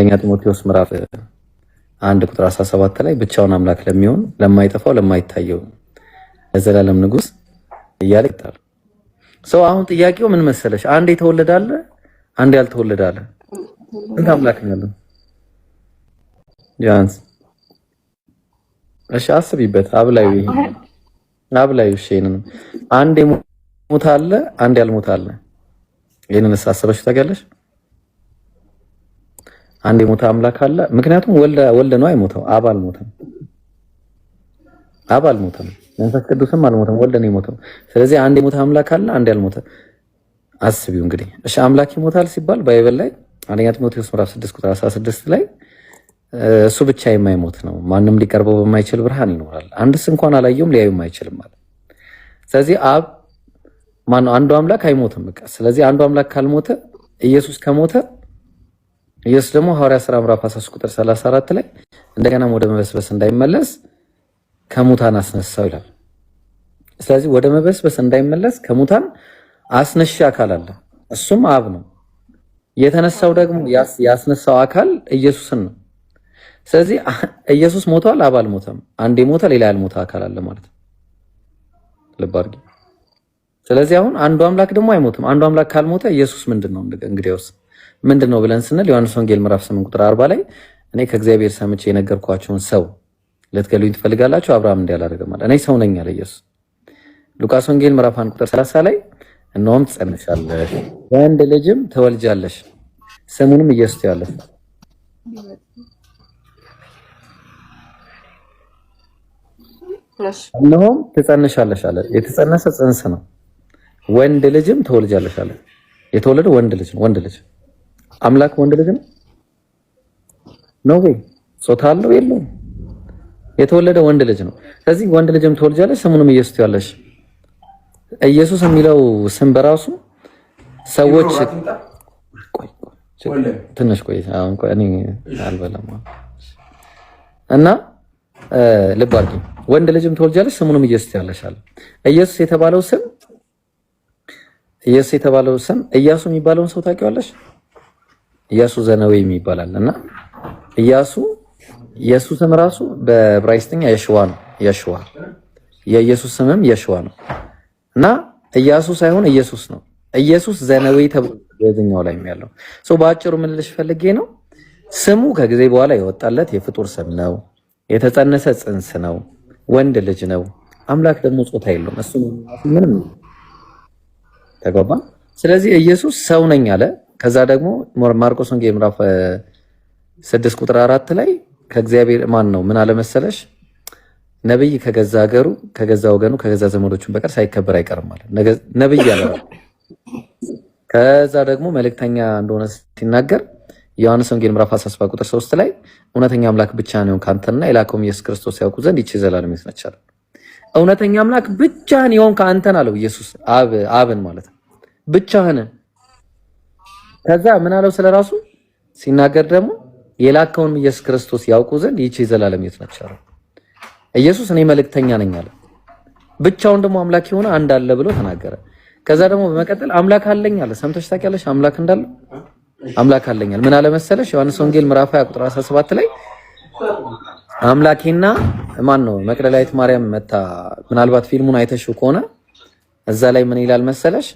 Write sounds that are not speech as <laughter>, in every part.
አንደኛ ጢሞቴዎስ ምዕራፍ አንድ ቁጥር 17 ላይ ብቻውን አምላክ ለሚሆን ለማይጠፋው ለማይታየው ለዘላለም ንጉስ እያለ ይጣል ሰው። አሁን ጥያቄው ምን መሰለሽ? አንድ የተወለደ አለ፣ አንድ ያልተወለደ አለ። ስንት አምላክ ነው ያለው? ቢያንስ እሺ አስቢበት። አብላዩ አብላዩ ሼንን አንድ የሞተ አለ፣ አንድ ያልሞተ ይሄንን አስበሽ ታውቂያለሽ? አንድ የሞተ አምላክ አለ። ምክንያቱም ወልደ ወልደ ነው አይሞተው፣ አብ አልሞተም፣ አብ አልሞተም፣ መንፈስ ቅዱስም አልሞተም፣ ወልደ ነው የሞተው። ስለዚህ አንድ የሞተ አምላክ አለ፣ አንድ ያልሞተ። አስቢው እንግዲህ እሺ፣ አምላክ ይሞታል ሲባል ባይብል ላይ አንደኛ ጢሞቴዎስ ምዕራፍ 6 ቁጥር 16 ላይ እሱ ብቻ የማይሞት ነው፣ ማንም ሊቀርበው በማይችል ብርሃን ይኖራል፣ አንድስ እንኳን አላየውም፣ ሊያዩም አይችልም ማለት። ስለዚህ አብ ማነው? አንዱ አምላክ አይሞትም። በቃ ስለዚህ አንዱ አምላክ ካልሞተ ኢየሱስ ከሞተ ኢየሱስ ደግሞ ሐዋርያ ሥራ ምዕራፍ 13 ቁጥር 34 ላይ እንደገና ወደ መበስበስ እንዳይመለስ ከሙታን አስነሳው ይላል። ስለዚህ ወደ መበስበስ እንዳይመለስ ከሙታን አስነሺ አካል አለ። እሱም አብ ነው። የተነሳው ደግሞ ያስነሳው አካል ኢየሱስን ነው። ስለዚህ ኢየሱስ ሞቷል፣ አብ አልሞተም። አንዴ ሞተ፣ ሌላ ያልሞተ አካል አለ ማለት ነው። ልብ አድርጊ። ስለዚህ አሁን አንዱ አምላክ ደግሞ አይሞትም። አንዱ አምላክ ካልሞተ ኢየሱስ ምንድን ነው እንግዲያውስ ምንድን ነው ብለን ስንል ዮሐንስ ወንጌል ምዕራፍ 8 ቁጥር 40 ላይ እኔ ከእግዚአብሔር ሰምቼ የነገርኳቸውን ሰው ልትገሉኝ ትፈልጋላችሁ፣ አብርሃም እንዲህ አላደረገም አለ። እኔ ሰው ነኝ አለ ኢየሱስ። ሉቃስ ወንጌል ምዕራፍ 1 ቁጥር 30 ላይ እነሆም ትጸንሻለሽ፣ ወንድ ልጅም ትወልጃለሽ፣ ስሙንም ኢየሱስ ትያለሽ። እነሆም ትጸንሻለሽ አለ። የተጸነሰ ጽንስ ነው። ወንድ ልጅም ትወልጃለሽ አለ። የተወለደ ወንድ ልጅ ነው። ወንድ ልጅ አምላክ ወንድ ልጅ ነው ነው ወይ ጾታ አለው የለውም? የተወለደ ወንድ ልጅ ነው። ስለዚህ ወንድ ልጅም ትወልጃለሽ፣ ስሙንም ኢየሱስ ትያለሽ። ኢየሱስ የሚለው ስም በራሱ ሰዎች ትንሽ ቆይ፣ አሁን ቆይ እኔ አልበላም እና ልብ አድርጊ። ወንድ ልጅም ትወልጃለሽ፣ ስሙንም ኢየሱስ ትያለሽ አለ። ኢየሱስ የተባለው ስም ኢየሱስ የተባለው ስም ኢያሱ የሚባለውን ሰው ታውቂዋለሽ? ኢያሱ ዘነዌ ይባላል እና ኢያሱ የሱ ስም ራሱ በዕብራይስጥኛ የሽዋ ነው። የሽዋ የኢየሱስ ስምም የሽዋ ነው እና ኢያሱ ሳይሆን ኢየሱስ ነው። ኢየሱስ ዘነዌ ተብሎ በዚህኛው ላይ የሚያለው ሶ በአጭሩ ምን ልልሽ ፈልጌ ነው፣ ስሙ ከጊዜ በኋላ የወጣለት የፍጡር ስም ነው። የተጸነሰ ጽንስ ነው። ወንድ ልጅ ነው። አምላክ ደግሞ ጾታ የለውም። እሱ ምንም ተጓባ። ስለዚህ ኢየሱስ ሰው ነኝ አለ ከዛ ደግሞ ማርቆስ ወንጌል ምዕራፍ ስድስት ቁጥር አራት ላይ ከእግዚአብሔር ማን ነው ምን አለመሰለሽ ነብይ ከገዛ ሀገሩ ከገዛ ወገኑ ከገዛ ዘመዶቹን በቀር ሳይከበር አይቀርም ማለት ነብይ ያለ ከዛ ደግሞ መልእክተኛ እንደሆነ ሲናገር ዮሐንስ ወንጌል ምዕራፍ 17 ቁጥር 3 ላይ እውነተኛ አምላክ ብቻ ነው ካንተና የላከውም ኢየሱስ ክርስቶስ ያውቁ ዘንድ ይቺ ዘላለም ሕይወት ነች እውነተኛ አምላክ ብቻህን የሆንክ አንተን አለው ኢየሱስ አብ አብን ማለት ነው ብቻህን ከዛ ምን አለው ስለ ራሱ ሲናገር ደግሞ የላከውን ኢየሱስ ክርስቶስ ያውቁ ዘንድ ይቺ የዘላለም ሕይወት ነች አለ። ኢየሱስ እኔ መልእክተኛ ነኝ አለ። ብቻውን ደግሞ አምላክ የሆነ አንድ አለ ብሎ ተናገረ። ከዛ ደግሞ በመቀጠል አምላክ አለኝ አለ። ሰምተሽ ታውቂያለሽ? አምላክ እንዳለ አምላክ አለኛል። ምን አለ መሰለሽ? ዮሐንስ ወንጌል ምዕራፍ 20 ቁጥር 17 ላይ አምላኬና ማን ነው? መቅደላዊት ማርያም መታ። ምናልባት ፊልሙን አይተሽው ከሆነ እዛ ላይ ምን ይላል መሰለሽ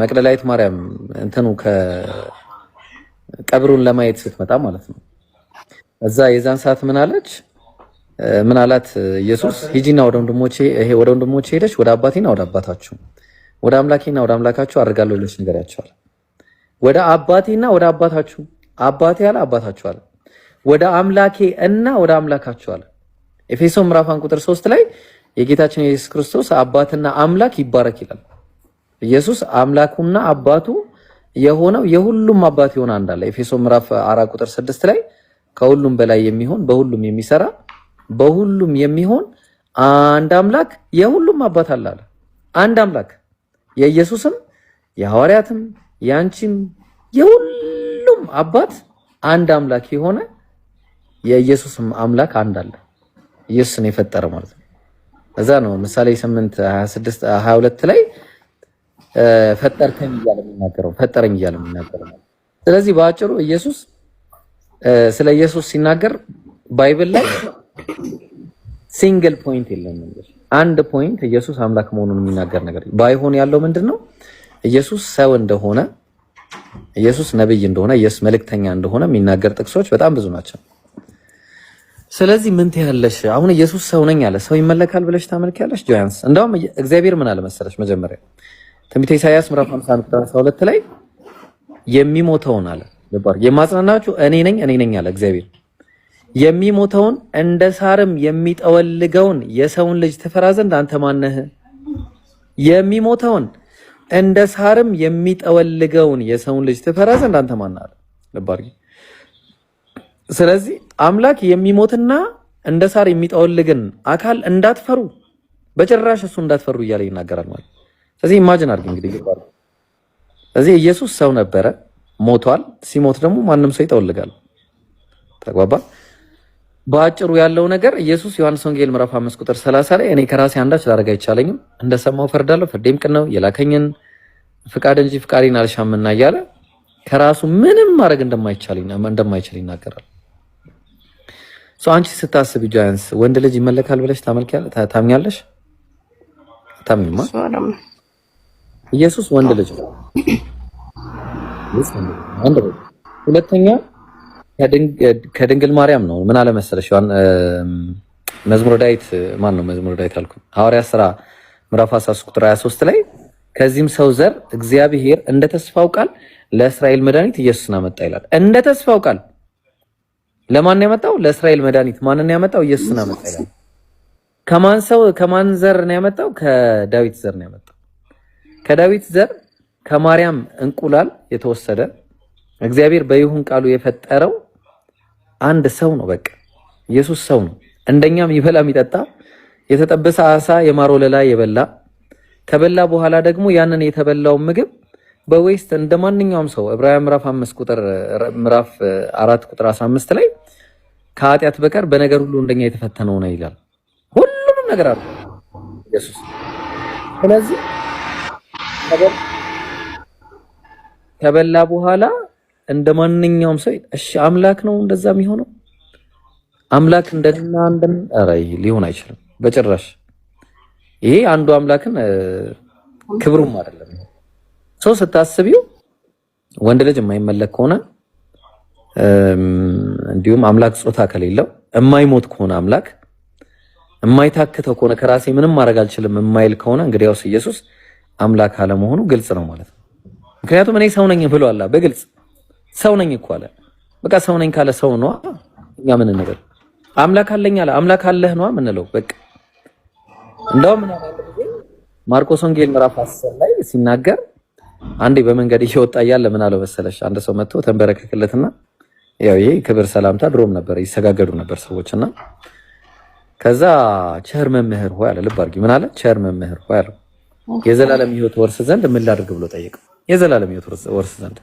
መቅደላዊት ማርያም እንትኑ ቀብሩን ለማየት ስትመጣ ማለት ነው። እዛ የዛን ሰዓት ምን አለች? ምን አላት ኢየሱስ? ሂጂና ወደ ወንድሞቼ ይሄ ወደ ወንድሞቼ ሄደች፣ ወደ አባቴና ወደ አባታችሁ፣ ወደ አምላኬና ወደ አምላካችሁ አድርጋለሁ ብለሽ ነገራቸዋል ወደ አባቴና ወደ አባታችሁ፣ አባቴ አለ አባታችሁ አለ፣ ወደ አምላኬ እና ወደ አምላካችሁ አለ። ኤፌሶን ምዕራፍ አንድ ቁጥር 3 ላይ የጌታችን የኢየሱስ ክርስቶስ አባትና አምላክ ይባረክ ይላል። ኢየሱስ አምላኩና አባቱ የሆነው የሁሉም አባት የሆነ አንድ አለ። ኤፌሶ ምዕራፍ አራት ቁጥር ስድስት ላይ ከሁሉም በላይ የሚሆን በሁሉም የሚሰራ በሁሉም የሚሆን አንድ አምላክ የሁሉም አባት አለ አለ። አንድ አምላክ የኢየሱስም የሐዋርያትም የአንቺም የሁሉም አባት አንድ አምላክ የሆነ የኢየሱስም አምላክ አንድ አለ። ኢየሱስን የፈጠረ ማለት ነው። እዛ ነው ምሳሌ 8 26 22 ላይ ፈጠርከኝ እያለ የሚናገረው ፈጠረኝ እያለ የሚናገረው። ስለዚህ በአጭሩ ኢየሱስ ስለ ኢየሱስ ሲናገር ባይብል ላይ ሲንግል ፖይንት የለም። አንድ ፖይንት ኢየሱስ አምላክ መሆኑን የሚናገር ነገር ባይሆን ያለው ምንድን ነው? ኢየሱስ ሰው እንደሆነ፣ ኢየሱስ ነብይ እንደሆነ፣ ኢየሱስ መልእክተኛ እንደሆነ የሚናገር ጥቅሶች በጣም ብዙ ናቸው። ስለዚህ ምን ትያለሽ? አሁን ኢየሱስ ሰው ነኝ አለ። ሰው ይመለካል ብለሽ ታመልኪያለሽ ጆያንስ? እንደውም እግዚአብሔር ምን አለ መሰለሽ መጀመሪያ ትንቢተ ኢሳያስ ምዕራፍ 50 ቁጥር 12 ላይ የሚሞተውን አለ ልባር የማጽናናችሁ እኔ ነኝ እኔ ነኝ አለ እግዚአብሔር። የሚሞተውን እንደ ሳርም የሚጠወልገውን የሰውን ልጅ ትፈራ ዘንድ አንተ ማነህ? የሚሞተውን እንደ ሳርም የሚጠወልገውን የሰውን ልጅ ትፈራ ዘንድ አንተ ማነህ አለ ልባር። ስለዚህ አምላክ የሚሞትና እንደ ሳር የሚጠወልግን አካል እንዳትፈሩ፣ በጭራሽ እሱ እንዳትፈሩ እያለ ይናገራል ማለት ስለዚህ ኢማጅን አድርግ እንግዲህ ስለዚህ ኢየሱስ ሰው ነበረ፣ ሞቷል። ሲሞት ደግሞ ማንም ሰው ይጠወልጋል። ተግባባ። በአጭሩ ያለው ነገር ኢየሱስ ዮሐንስ ወንጌል ምዕራፍ 5 ቁጥር 30 ላይ እኔ ከራሴ አንዳች ላደርግ አይቻለኝም፣ እንደሰማው ፈርዳለሁ፣ ፍርዴም ቅን ነው፣ የላከኝን ፍቃድ እንጂ ፍቃዴን አልሻምና እያለ ከራሱ ምንም ማድረግ እንደማይችል ይናገራል። አንቺ ስታስብ ጃያንስ ወንድ ልጅ ይመለካል ብለሽ ታምኛለሽ? ታምኝማ ኢየሱስ ወንድ ልጅ ነው። ሁለተኛ ከድንግል ማርያም ነው። ምን አለ መሰለሽ መዝሙረ ዳዊት ማን ነው? መዝሙረ ዳዊት አልኩ። ሐዋርያ ስራ ምዕራፍ 13 ቁጥር 23 ላይ ከዚህም ሰው ዘር እግዚአብሔር እንደ ተስፋው ቃል ለእስራኤል መድኃኒት ኢየሱስን አመጣ ይላል። እንደ ተስፋው ቃል ለማን ያመጣው? ለእስራኤል መድኃኒት ማንን ያመጣው? ኢየሱስን አመጣ ይላል። ከማን ሰው ከማን ዘር ነው ያመጣው? ከዳዊት ዘር ነው ያመጣው። ከዳዊት ዘር ከማርያም እንቁላል የተወሰደ እግዚአብሔር በይሁን ቃሉ የፈጠረው አንድ ሰው ነው። በቃ ኢየሱስ ሰው ነው። እንደኛም ይበላ የሚጠጣ የተጠበሰ አሳ የማር ወለላ የበላ ከበላ በኋላ ደግሞ ያንን የተበላውን ምግብ በዌስት እንደ ማንኛውም ሰው ዕብራውያን ምዕራፍ 5 ቁጥር ምዕራፍ 4 ቁጥር 15 ላይ ከኃጢአት በቀር በነገር ሁሉ እንደኛ የተፈተነው ነው ይላል። ሁሉንም ነገር አለ ኢየሱስ። ስለዚህ ከበላ በኋላ እንደ ማንኛውም ሰው እሺ፣ አምላክ ነው እንደዛ የሚሆነው? አምላክ እንደና እንደ ኧረ ሊሆን አይችልም በጭራሽ። ይሄ አንዱ አምላክን ክብሩም አይደለም። ሰው ስታስቢው ወንድ ልጅ የማይመለክ ከሆነ እንዲሁም አምላክ ጾታ ከሌለው የማይሞት ከሆነ አምላክ የማይታክተው ከሆነ ከራሴ ምንም ማድረግ አልችልም የማይል ከሆነ እንግዲያውስ ኢየሱስ አምላክ አለመሆኑ ግልጽ ነው ማለት ነው። ምክንያቱም እኔ ሰው ነኝ ብሎ አላ በግልጽ ሰው ነኝ እኮ አለ። በቃ ሰው ነኝ ካለ ሰው ነው። እኛ ምን ነገር አምላክ አለኝ አለ። አምላክ አለህ ነው ምንለው። በቃ እንደውም ማርቆስ ወንጌል ምዕራፍ 10 ላይ ሲናገር አንዴ በመንገድ እየወጣ እያለ ምን አለው መሰለሽ? አንድ ሰው መጥቶ ተንበረከከለትና ያው ይሄ ክብር ሰላምታ ድሮም ነበር ይሰጋገዱ ነበር ሰዎችና ከዛ ቸር መምህር ሆይ አለ። ልብ አድርጊ። ምን አለ? ቸር መምህር ሆይ አለ። የዘላለም ህይወት ወርስ ዘንድ ምን ላድርግ ብሎ ጠየቀው። የዘላለም ህይወት ወርስ ዘንድ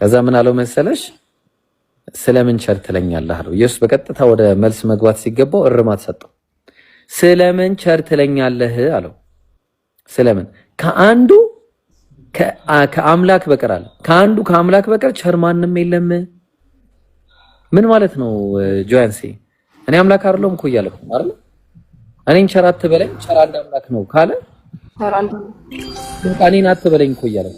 ከዛ ምን አለው መሰለሽ ስለምን ቸር ትለኛለህ አለው። ኢየሱስ በቀጥታ ወደ መልስ መግባት ሲገባው እርማት ሰጠው። ስለምን ቸር ትለኛለህ አለው። ስለምን ከአንዱ ከአምላክ በቀር አለ ከአንዱ ከአምላክ በቀር ቸር ማንም የለም። ምን ማለት ነው ጆያንሴ? እኔ አምላክ አይደለሁም እኮ እያለሁ አይደል? እኔን ቸር አትበለኝ፣ ቸር አንድ አምላክ ነው ካለ እኔን አትበለኝ እኮ እያለሁ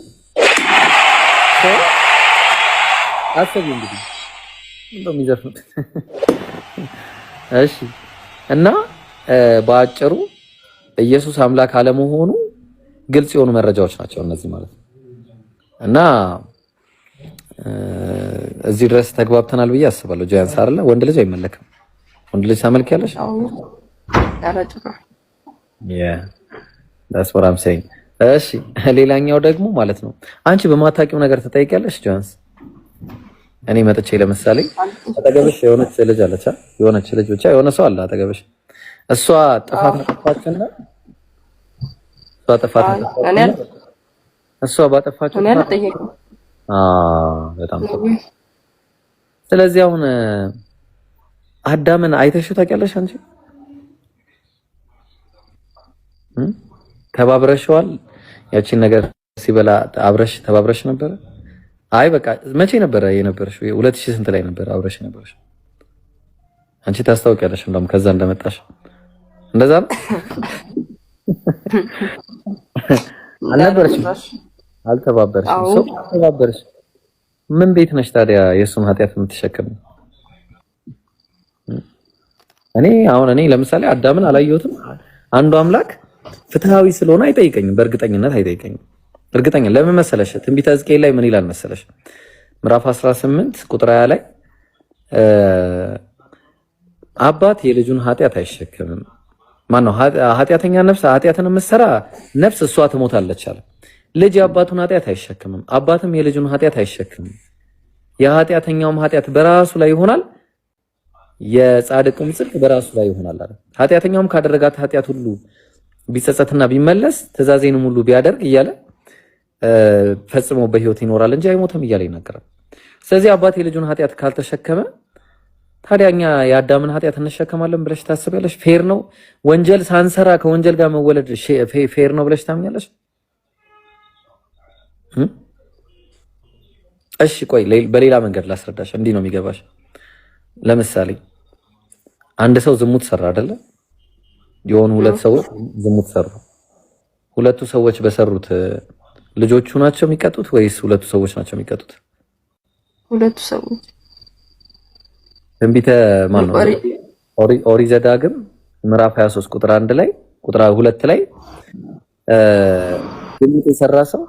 አሰብ እንግዲህ እንደው የሚዘፍኑት እሺ። እና በአጭሩ ኢየሱስ አምላክ አለመሆኑ ግልጽ የሆኑ መረጃዎች ናቸው እነዚህ ማለት ነው። እና እዚህ ድረስ ተግባብተናል ብዬ አስባለሁ። ጃንስ አይደለ? ወንድ ልጅ አይመለክም። ወንድ ልጅ ታመልክ ያለሽ ያ ዳስፖራም ሰኝ እሺ፣ ሌላኛው ደግሞ ማለት ነው አንቺ በማታውቂው ነገር ትጠይቂያለሽ። ጆንስ እኔ መጥቼ ለምሳሌ አጠገብሽ የሆነች ልጅ አለች፣ የሆነች ልጅ ብቻ የሆነ ሰው አለ አጠገብሽ። እሷ ጥፋት ነጠፋችና እሷ ጥፋት ነጠፋችና እሷ ባጠፋችው በጣም ጥሩ። ስለዚህ አሁን አዳምን አይተሽው ታውቂያለሽ አንቺ ተባብረሽዋል? ያቺን ነገር ሲበላ አብረሽ ተባብረሽ ነበረ? አይ በቃ መቼ ነበረ የነበረሽ? ሁለት ሺህ ስንት ላይ ነበረ አብረሽ ነበረሽ? አንቺ ታስታውቂያለሽ፣ እንደውም ከዛ እንደመጣሽ እንደዛ ነው <laughs> አልነበረሽም? ምን ቤት ነሽ ታዲያ የእሱን ኃጢአት የምትሸከም? እኔ አሁን እኔ ለምሳሌ አዳምን አላየሁትም። አንዱ አምላክ ፍትሃዊ ስለሆነ አይጠይቀኝም፣ በእርግጠኝነት አይጠይቀኝም። እርግጠኛ ለምን መሰለሽ? ትንቢተ ሕዝቅኤል ላይ ምን ይላል መሰለሽ? ምዕራፍ 18 ቁጥር 20 ላይ አባት የልጁን ኃጢአት አይሸከምም። ማነው ኃጢአተኛ ነፍስ ኃጢአትን የምትሰራ ነፍስ እሷ ትሞታለች አለ። ልጅ የአባቱን ኃጢአት አይሸከምም፣ አባትም የልጁን ኃጢአት አይሸከምም። የኃጢአተኛውም ኃጢአት በራሱ ላይ ይሆናል፣ የጻድቅም ጽድቅ በራሱ ላይ ይሆናል አለ። ኃጢአተኛውም ካደረጋት ኃጢአት ሁሉ ቢጸጸትና ቢመለስ ትእዛዜንም ሁሉ ቢያደርግ እያለ ፈጽሞ በህይወት ይኖራል እንጂ አይሞትም እያለ ይናገራል። ስለዚህ አባት የልጁን ኃጢአት ካልተሸከመ ታዲያ እኛ የአዳምን ኃጢአት እንሸከማለን ብለሽ ታስቢያለሽ? ፌር ነው? ወንጀል ሳንሰራ ከወንጀል ጋር መወለድ ፌር ነው ብለሽ ታምኛለሽ? እሺ ቆይ በሌላ መንገድ ላስረዳሽ። እንዲህ ነው የሚገባሽ። ለምሳሌ አንድ ሰው ዝሙት ሰራ አይደለም። የሆኑ ሁለት ሰዎች ዝሙት ሰሩ። ሁለቱ ሰዎች በሰሩት ልጆቹ ናቸው የሚቀጡት ወይስ ሁለቱ ሰዎች ናቸው የሚቀጡት? ሁለቱ ሰዎች ትንቢተ ማን ነው? ኦሪ ዘዳግም ምዕራፍ 23 ቁጥር 1 ላይ ቁጥር 2 ላይ ዝሙት የሰራ ሰው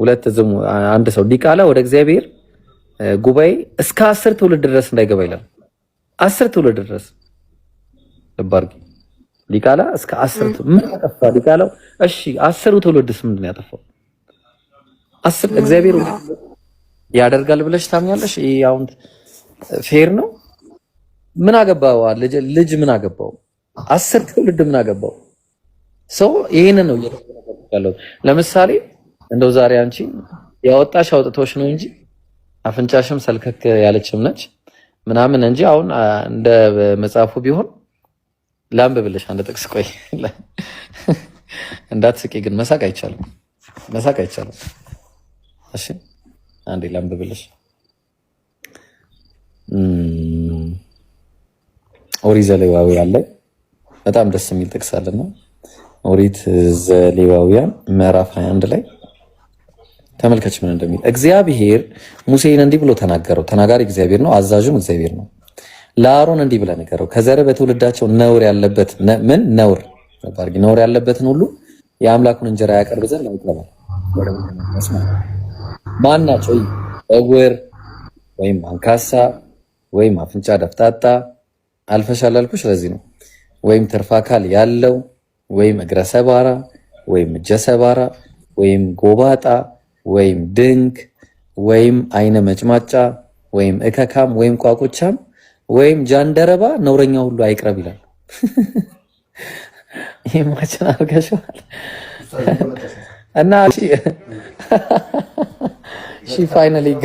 ሁለት ዝሙ አንድ ሰው ዲቃላ ወደ እግዚአብሔር ጉባኤ እስከ አስር ትውልድ ድረስ እንዳይገባ ይላል። አስር ትውልድ ድረስ ልብ ሊቃላ እስከ አስር ምን ያጠፋ ሊቃላው? እሺ አስሩ ትውልድስ ምንድን ነው ያጠፋው? አስር እግዚአብሔር ያደርጋል ብለሽ ታምኛለሽ? ይሄ አሁን ፌር ነው? ምን አገባው ልጅ ምን አገባው? አስር ትውልድ ምን አገባው? ሰው ይሄን ነው ያለው። ለምሳሌ እንደው ዛሬ አንቺ ያወጣሽ አውጥቶሽ ነው እንጂ አፍንጫሽም ሰልከክ ያለችም ነች ምናምን እንጂ አሁን እንደ መጽሐፉ ቢሆን ላምብ ብለሽ አንድ ጥቅስ ቆይ፣ እንዳትስቂ ግን መሳቅ አይቻልም፣ መሳቅ አይቻልም። እሺ አንዴ ላምብ ብለሽ ኦሪት ዘሌዋውያን ላይ በጣም ደስ የሚል ጥቅስ አለና ኦሪት ዘሌዋውያን ምዕራፍ 21 ላይ ተመልከች ምን እንደሚል እግዚአብሔር ሙሴን እንዲህ ብሎ ተናገረው። ተናጋሪ እግዚአብሔር ነው፣ አዛዥም እግዚአብሔር ነው። ለአሮን እንዲህ ብለህ ንገረው፣ ከዘር በትውልዳቸው ነውር ያለበት ምን ነውር ነውር ያለበትን ሁሉ የአምላኩን እንጀራ ያቀርብ ዘንድ ይገባል። ማን ናቸው? እውር ወይም አንካሳ ወይም አፍንጫ ደፍጣጣ አልፈሻል አልኩሽ። ስለዚህ ነው ወይም ትርፍ አካል ያለው ወይም እግረ ሰባራ ወይም እጀ ሰባራ ወይም ጎባጣ ወይም ድንክ ወይም አይነ መጭማጫ ወይም እከካም ወይም ቋቁቻም ወይም ጃንደረባ ነውረኛ ሁሉ አይቅረብ ይላል። ይህማችን አርገሸዋል እና ሺ ፋይናሊ ጋ